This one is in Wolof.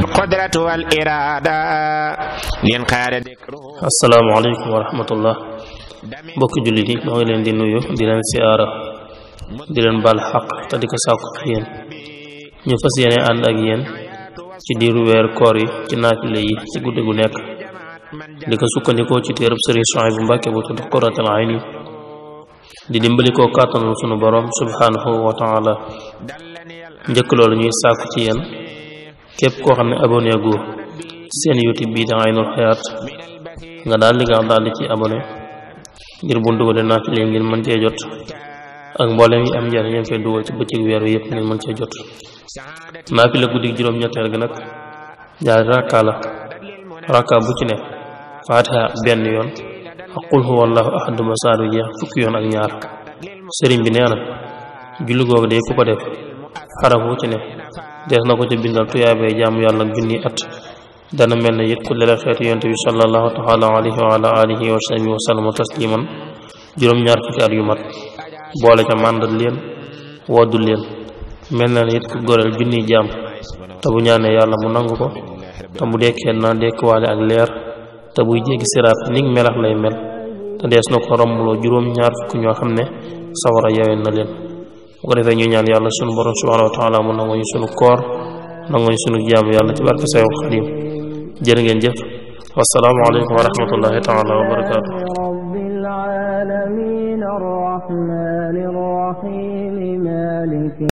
alqudratu wal irada ngeen xaare asalaamaaleykum wa rahmatullah mbokki jullit yi maa ngi leen di nuyu di leen siyaara di leen baal xaq te di ko sàkku ci yéen ñu fas yéene ànd ak yéen ci diiru weer koor yi ci naafile yi ci guddi gu nekk di ko sukkandikoo ci téerab sëriñ Suhaybu bu Mbàkke bu tudd Qurratul Ayni di dimbali koo kàttanul sunu borom subhanahu wa taala njëkk loolu ñuy sàkku ci yéen képp koo xam ne abonné gu seen youtube bii da Aynul Hayaat nga daal di gaaw daal di ci abonné ngir bu dugalee naa ci mën cee jot ak mboolem yi am njëriñ ngeen koy dugal ci bëccëg weer wi yëpp ngeen mën cee jot naa fi la guddi juróom-ñetteel gi nag ñaari rakka la rakka bu ci ne faatiha benn yoon ak qul huwa allahu ahad ba saar bi jeex fukki yoon ak ñaar sëriñ bi nee na julli googu day ku ko def xarafu ci ne des na ko ci bindal tuyaabee jaamu yàlla junni at dana mel na yit ku lele xeetu yonte bi sallallahu taala alayhi wa ala alihi wa sahbihi wa sallama tasliman juróom-ñaar fukki at yu mat boole ca màndat leen woddu leen mel na ne it ku goreel junniy jaam te bu ñaanee yàlla mu nangu ko te bu dekkee na dekkuwaale ak leer te buy jéggi siraat nig melax lay mel te dees na ko rombloo juróom ñaar fukk ñoo xam ne a yoween na leen bu ko defee ñu ñaan yàlla sunu borom subhanahu wa taala mu nangoo ñu sunu koor nangoo ñu sunu jaamu yàlla ci barke sayul xadim jërë ngeen jëf wassalaamu aleykum wa rahmatullahi taala wa barakaatu